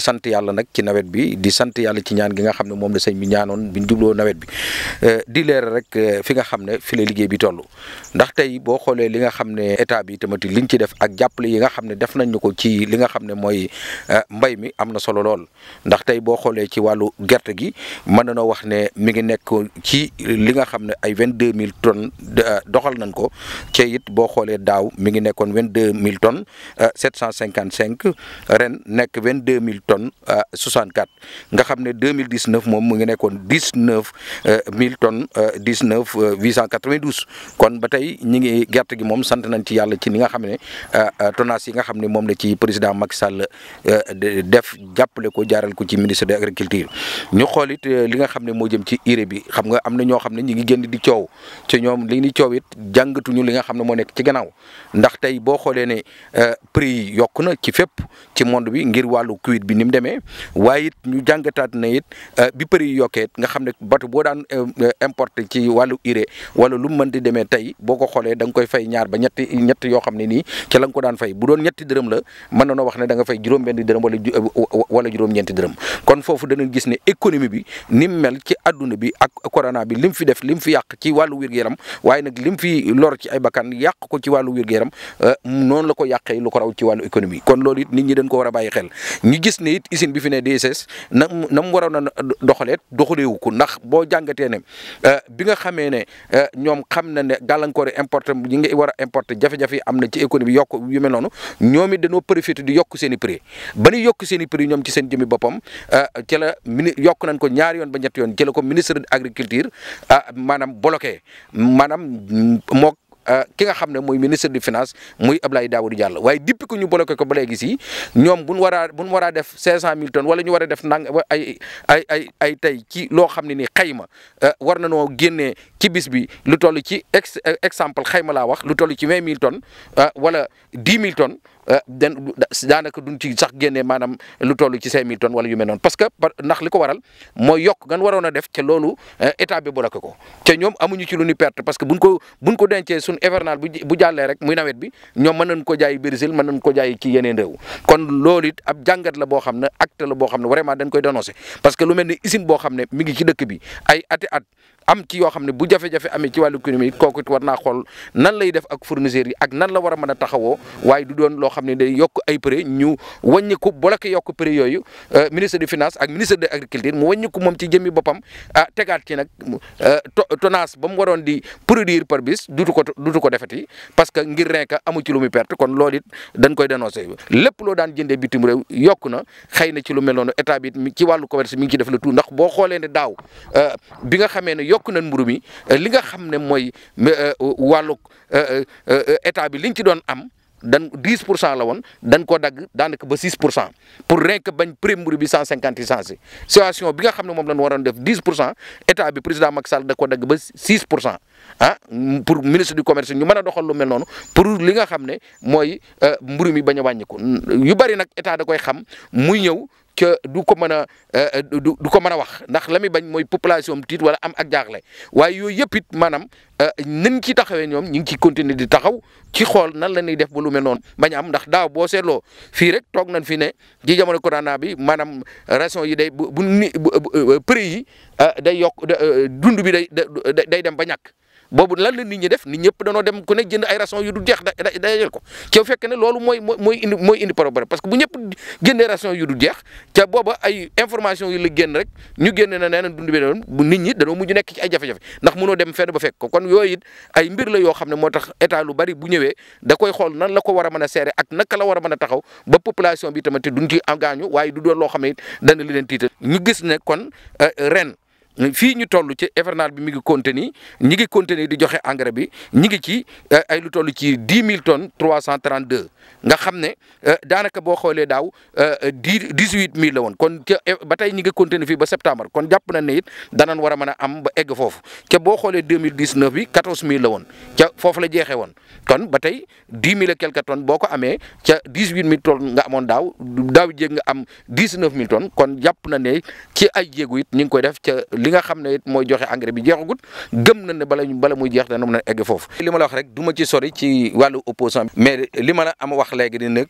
di sant yàlla nag ci nawet bi di sant yàlla ci ñaan gi nga xam ne moom la sëñ mi ñaanoon bi ñu jubloo nawet euh, leer rek euh, fi nga xam ne fi la liggéey bi toll ndax tey boo xoolee li nga xam ne état bi tamit liñ ci def ak jàppale yi nga xam ne def nañ ñu ko ci li nga xam ne mooy euh, mbay mi am na solo lool ndax tey boo xoolee ci wàllu gerte gi mën na noo wax ne mi ngi nekk ci li nga xam ne ay vingt deux mille tonnes doxal nañ ko ci it boo xoolee daaw mi ngi nekkoon vingt deux mille tonnes sept cent cinquante cinq ren nekk vingt deux mille tonnes à euh, 64 nga xam ne 2019 moom mu ngi nekkoon 19 euh, mille tonnes 19 euh, 892 kon ba tey ñi ngi gerte gi moom sant nañ ci yàlla ci li nga xam ne tonnage yi nga xam ne moom la ci président Macky Sall def jàppale ko jaral ko ci ministre de l'agriculture ñu xool it li nga xam ne moo jëm ci urée bi xam nga am na ñoo xam ne ñi ngi génn di coow ci ñoom li ni coow it jàngatuñu li nga xam ne moo nekk ci gannaaw ndax tey boo xoolee ne prix yi yokk na ci fépp ci monde bi ngir wàllu kuwit bi ni mu waaye it ñu jàngataat na it euh, bi prix yokkee yokkee nga xam ne bato boo daan euh, euh, importe ci wàllu urée wala lu mu mën di demee tey boo ko xoolee da nga koy fay ñaar ba ñetti ñett yoo xam ne nii ca la nga ko daan fay bu doon ñetti dërëm la mën na wax ne da nga fay juróom-benn dërëm wala wala juróom-ñeenti dërëm kon foofu dana gis ne économie bi ni mu mel ci adduna bi ak corona bi lim fi def lim fi yàq ci wàllu wér-gu-yaram waaye nag lim fi lor ci ay bakkan yàq ko ci wàllu wér gu noonu la ko yàqee lu ko raw ci wàllu économie kon it nit ñi dañ ko war a bàyyi xel gis ne it usine bi fi ne DSS na mu na mu waroon a doxaleet doxaleewu ko ndax boo jàngatee ne euh, bi nga xamee ne euh, ñoom xam na ne gàllankoor importé ñi nga war a importé jafe-jafe am na ci économie yokk yu mel noonu ñoom it dañoo profité di yokk seen i prix yokk seen i ñoom ci seen jëmi boppam euh, ci la mini yokk nañ ko ñaari yoon ba ñetti yoon ci ko ministre de agriculture ah maanaam bloqué maanaam mm, mook Euh, ki nga xam ne mooy ministre du finance muy Abdoulaye Daouda Diallo waaye depuis que ñu bloqué ko ba léegi si ñoom bu ñu war a bu ñu war a def 500000 tonnes wala ñu war a def nang ay ay ay ay tey ci loo xam ne ni xayma euh, war na noo génnee ci bis bi lu toll ci ex euh, exemple xayma laa wax lu toll ci 20000 tonnes wala 10000 tonnes. Euh, den daanaka duñ ci sax génnee maanaam lu toll ci 5000 tonnes wala yu mel parce que ndax li ko waral mooy yokk gan waroon a def ca loolu euh, état bi bloqué ko te ñoom amuñu ci lu ñu perte parce que buñ ko buñ ko dencee suñ hivernal bu bu jàllee rek muy nawet bi ñoom mën nañ ko jaay Brésil mën nañ ko jaay ci yeneen réew kon loolu it ab jàngat la boo xam ne acte la boo xam ne vraiment dañ koy dénoncer parce que lu mel ni usine boo xam ne mi ngi ci dëkk bi ay ati at am ci yoo xam ne bu jafe-jafe amee ci wàllu économie ko it war naa xool nan lay def ak fournisseurs yi ak nan la war a mën a waaye du doon loo xam ne day yokk ay prix ñu wàññi ko bloqué yokk prix yooyu euh, ministre de finance ak ministre de l'agriculture mu wàññi ko moom ci jëmmi boppam ah tegaat ci nag euh, tonnage ba mu waroon di produire par bis dutu ko du ko defati parce que ngir rek amu ci lu mi perte kon loolu it dañ koy dénoncé lépp loo daan jënde bitim réew na xëy na ci lu mel noonu état bi ci wàllu commerce mi ngi ci def la tout ndax boo xoolee ne daaw euh, yokk nañ mburu mi euh, li nga xam ne mooy euh, euh, wàllu état bi liñ ci doon am dan 10 pour cent la woon dañ koo dagg daanaka ba 6 pour cent pour rien que bañ prix mburu bi cinquante yi changé situation bi nga xam ne moom la ñu waroon def 10 pour cent état bi président Macky Sall da koo dagg ba 6 pour cent ah pour ministre du commerce ñu mën a doxal lu mel noonu pour li nga xam ne mooy mburu mi bañ a wàññi ko yu bari nag état da koy xam muy ñëw. ca du ko mën a euh, du ko mën a wax ndax la muy bañ mooy population am tiit wala am ak jaaxle waaye yooyu yëpp it maanaam euh, nañ ci taxawee ñoom ñu ngi ciy continuer di taxaw ci xool nan la ñuy def ba lu mel noonu bañ am ndax daaw boo seetloo fii rek toog nañ fi ne ci jamono corona bi maanaam rations yi day bu bu euh, prix yi day yokk dund bi day day dem ba ñàkk. boobu lan la nit ñi def nit ñëpp danoo dem ku nekk jënd ay ration yu du jeex da dajal ko ca fekk ne loolu mooy mooy indi mooy indi problème parce que bu ñëpp jëndee ration yu du jeex ca booba ay information yu la génn rek ñu génne na nee na dund bi bu nit ñi danoo mujj nekk ci ay jafe-jafe ndax mënoo dem fenn ba fekk ko kon yooyu ay mbir la yoo xam ne moo tax état lu bari bu ñëwee da koy xool nan la ko war a mën a seere ak naka la war a mën a taxaw ba population bi tamit duñ ci gaañu waaye doon loo xam ne it dana li leen tiital ñu gis ne kon euh, ren fii ñu toll ci hivernal bi mi ngi contenu ñi ngi contenu di joxe engrais bi ñi ngi ci eh, ay lu toll ci dix mille tonnes trois cent trente deux nga xam ne eh, daanaka boo xoolee daaw eh, dix dix huit mille la woon kon ba tey ñi ngi contenu fii ba septembre kon jàpp na ne it danañ war a mën a am ba egg foofu ca boo xoolee deux mille dix neuf bi quatorze mille la woon ca foofu la jeexee woon kon ba tey dix mille et quelques tonnes boo ko amee ca dix huit mille tonnes nga amoon daaw daaw jéeg nga am dix neuf mille tonnes kon jàpp na ne ci ay jéegu it ñu ngi koy def ca. li nga xam ne mooy joxe engrais bi jeexagut gëm na ne bala bala muy jeex dana mën a egg foofu li ma wax rek duma ma ci sori ci wàllu opposant bi mais li ma la am wax léegi ni nag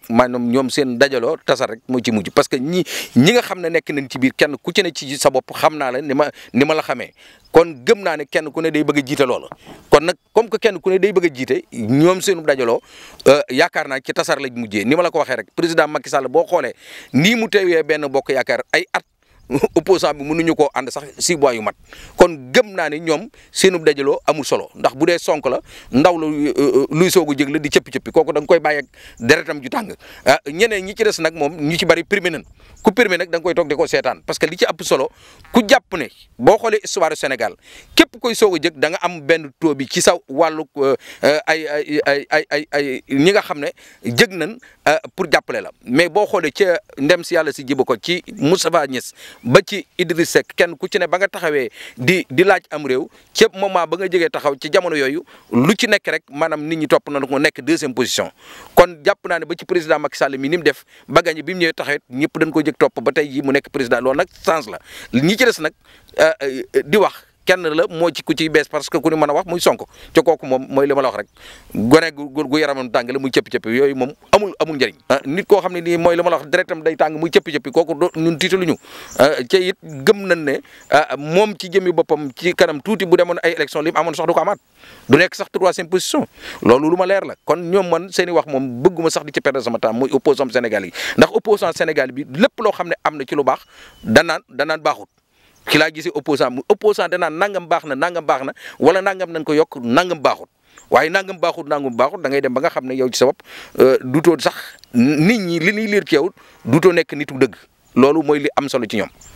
ñoom seen dajaloo tasar rek moo ci mujj parce que ñi ñi nga xam ne nekk nañ ci biir kenn ku ci ne ci sa bopp xam naa la ni ma ni la xamee kon gëm naa ne kenn ku ne day bëgg a jiite loola kon nag comme que kenn ku ne day bëgg jiite ñoom seenu dajaloo euh, yaakaar naa ci tasar lañ mujjee ni ma la ko waxee rek président Macky Sall boo xoolee nii mu teewee benn bokk yaakaar ay at opposant bi mënuñu koo ànd sax si mois yu mat kon gëm naa ne ñoom seenub dajaloo amul solo ndax bu dee sonk la ndaw la euh, euh, luy soog a jëg la di cëppi-cëppi kooku da nga koy bàyyi ak deretam ju tàng ah ñeneen ñi ci des nag moom ñu ci bari primé nañ ku primé nag danga koy toog di ko seetaan parce que li ci ëpp solo ku jàpp ne boo xoolee histoire Sénégal képp koy soog a jëg danga am benn taux bi ci sa wàllu euh, ay ay ay ay ñi nga xam ne jëg nañ pour jàppale la mais boo xoolee ca ndem si yàlla si jiba ko ci Moustapha Niass ba ci Idriss Seck kenn ku ci ne ba nga taxawee di di laaj am réew cëpp moment ba nga jegee taxaw ci jamono yooyu lu ci nekk rek maanaam nit ñi topp na ko nekk deuxième position kon jàpp naa ne ba ci président Macky Sall mi ni def ba gañe bi mu ñëwee taxawet ñëpp dañ ko jëg topp ba tey jii mu nekk président loolu nag sens la ñi ci des nag euh, euh, di wax kenn la moo ci ku ciy bees parce que ku ñu mën a wax muy Sonko ca kooku moom mooy li ma la wax rek gone gu gu yaramam tàng la muy cëppi-cëppi yooyu moom amul amul ah, nit koo xam ne nii mooy li la wax directam day tàng muy cëppi-cëppi kooku do ñun tiitaluñu ca ah, it gëm nañ ne ah, moom ci jëmmi boppam ci kanam tuuti bu demoon ay élection li mu amoon sax du ko amaat du nekk sax troisième position loolu lu ma leer la kon ñoom man seen wax moom bëgguma sax di ci perdre sama temps muy opposant Sénégal yi ndax opposant Sénégal bi lépp loo xam ne am na ci lu baax danaan danaan baaxut ki laa gisee opposant mu opposant danaa nangam baax na nangam baax na wala nangam nañ ko yokk nangam baaxut waaye nangam baaxut nangam baaxut da ngay dem ba nga xam ne yow ci sa bopp euh, dutoo sax nit ñi li ñuy liir ci yow dutoo nekk nitu dëgg loolu mooy li am solo ci ñoom.